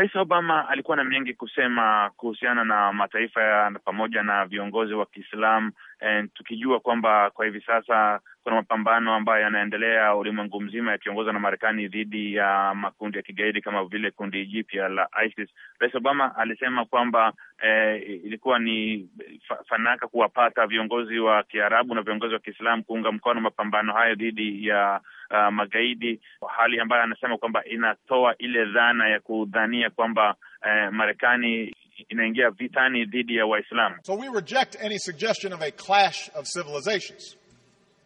Rais Obama alikuwa na mengi kusema kuhusiana na mataifa ya pamoja na viongozi wa Kiislamu, eh, tukijua kwamba kwa hivi sasa kuna mapambano ambayo yanaendelea ulimwengu mzima yakiongozwa na Marekani dhidi ya makundi ya kigaidi kama vile kundi jipya la ISIS. Rais Obama alisema kwamba eh, ilikuwa ni fanaka kuwapata viongozi wa Kiarabu na viongozi wa Kiislamu kuunga mkono mapambano hayo dhidi ya uh, magaidi, hali ambayo anasema kwamba inatoa ile dhana ya kudhania kwamba uh, Marekani inaingia vitani dhidi ya Waislamu. So we reject any suggestion of a clash of civilizations.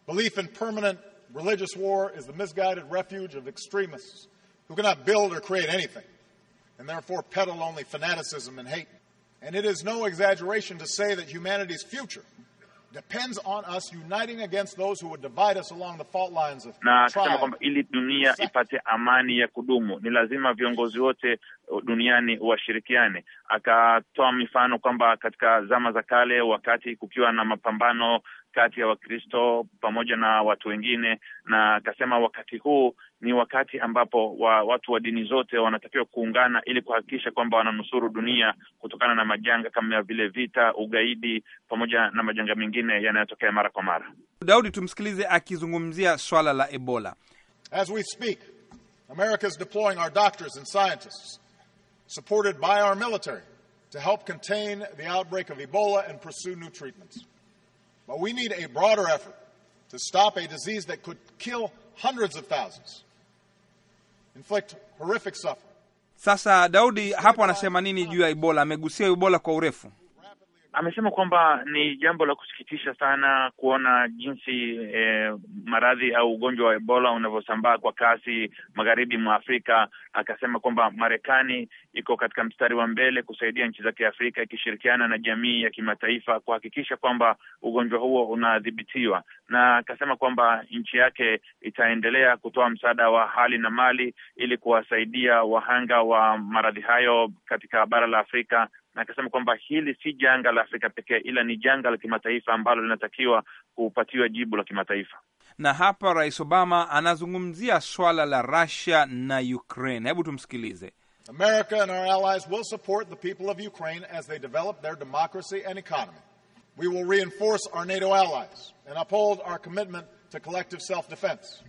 Belief in permanent religious war is the misguided refuge of extremists who cannot build or create anything and therefore peddle only fanaticism and hate. And it is no exaggeration to say that humanity's future depends on us uniting against those who would divide us along the fault lines of na akisema kwamba ili dunia ipate amani ya kudumu ni lazima viongozi wote duniani washirikiane. Akatoa mifano kwamba katika zama za kale, wakati kukiwa na mapambano kati ya Wakristo pamoja na watu wengine, na akasema wakati huu ni wakati ambapo wa, watu wa dini zote wanatakiwa kuungana ili kuhakikisha kwamba wananusuru dunia kutokana na majanga kama vile vita, ugaidi pamoja na majanga mengine yanayotokea mara kwa mara. Daudi, tumsikilize akizungumzia swala la Ebola. As we speak, America is deploying our doctors and scientists supported by our military to help contain the outbreak of Ebola and pursue new treatments. But we need a broader effort to stop a disease that could kill hundreds of thousands, inflict horrific suffering. Sasa Daudi hapo anasema nini juu ya Ebola? Amegusia Ebola kwa urefu. Amesema kwamba ni jambo la kusikitisha sana kuona jinsi eh, maradhi au ugonjwa wa Ebola unavyosambaa kwa kasi magharibi mwa Afrika, akasema kwamba Marekani iko katika mstari wa mbele kusaidia nchi za Kiafrika ikishirikiana na jamii ya kimataifa kuhakikisha kwamba ugonjwa huo unadhibitiwa, na akasema kwamba nchi yake itaendelea kutoa msaada wa hali na mali ili kuwasaidia wahanga wa maradhi hayo katika bara la Afrika na akasema kwamba hili si janga la Afrika pekee ila ni janga la kimataifa ambalo linatakiwa kupatiwa jibu la kimataifa na hapa Rais Obama anazungumzia swala la Russia na Ukraine. Hebu tumsikilize. America and our allies will support the people of Ukraine as they develop their democracy and economy. We will reinforce our NATO allies and uphold our commitment to collective self-defense.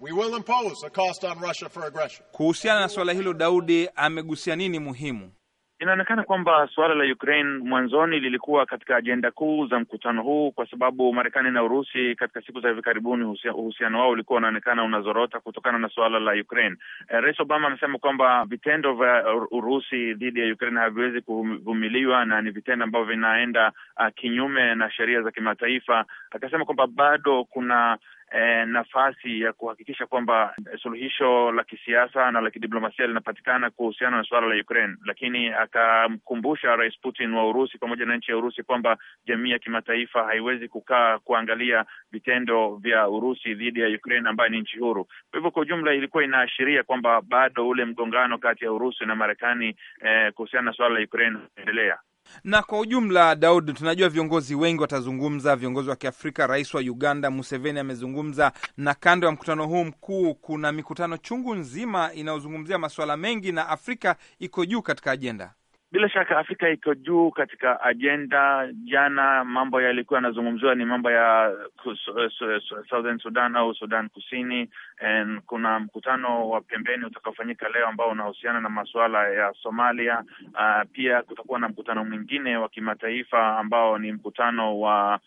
We will impose a cost on Russia for aggression. Kuhusiana na swala hilo, Daudi amegusia nini muhimu? Inaonekana kwamba suala la Ukraine mwanzoni lilikuwa katika ajenda kuu za mkutano huu, kwa sababu Marekani na Urusi katika siku za hivi karibuni uhusiano wao ulikuwa unaonekana unazorota kutokana na suala la Ukraine. Eh, Rais Obama amesema kwamba vitendo vya Urusi dhidi ya Ukraine haviwezi kuvumiliwa na ni vitendo ambavyo vinaenda uh, kinyume na sheria za kimataifa. Akasema kwamba bado kuna eh, nafasi ya kuhakikisha kwamba eh, suluhisho la kisiasa na la kidiplomasia linapatikana kuhusiana na suala la Ukraine, lakini akamkumbusha Rais Putin wa Urusi pamoja na nchi ya Urusi kwamba jamii ya kimataifa haiwezi kukaa kuangalia vitendo vya Urusi dhidi ya Ukraine ambayo ni nchi huru. Kwa hivyo, kwa ujumla ilikuwa inaashiria kwamba bado ule mgongano kati ya Urusi na Marekani eh, kuhusiana na suala la Ukraine unaendelea na kwa ujumla, Daud, tunajua viongozi wengi watazungumza, viongozi wa Kiafrika. Rais wa Uganda Museveni amezungumza, na kando ya mkutano huu mkuu kuna mikutano chungu nzima inayozungumzia masuala mengi, na Afrika iko juu katika ajenda. Bila shaka Afrika iko juu katika ajenda. Jana mambo yalikuwa yanazungumziwa ni mambo ya eh, eh, Southern Sudan au Sudan Kusini. And kuna mkutano wa pembeni utakaofanyika leo ambao unahusiana na masuala ya Somalia. Uh, pia kutakuwa na mkutano mwingine wa kimataifa ambao ni mkutano wa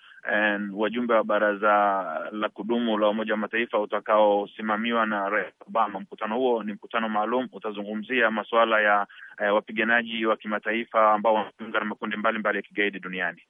wajumbe wa baraza la kudumu la Umoja wa Mataifa utakaosimamiwa na Rais Obama. Mkutano huo ni mkutano maalum, utazungumzia masuala ya eh, wapiganaji wa kima kimataifa ambao wanajiunga na makundi mbalimbali ya kigaidi duniani.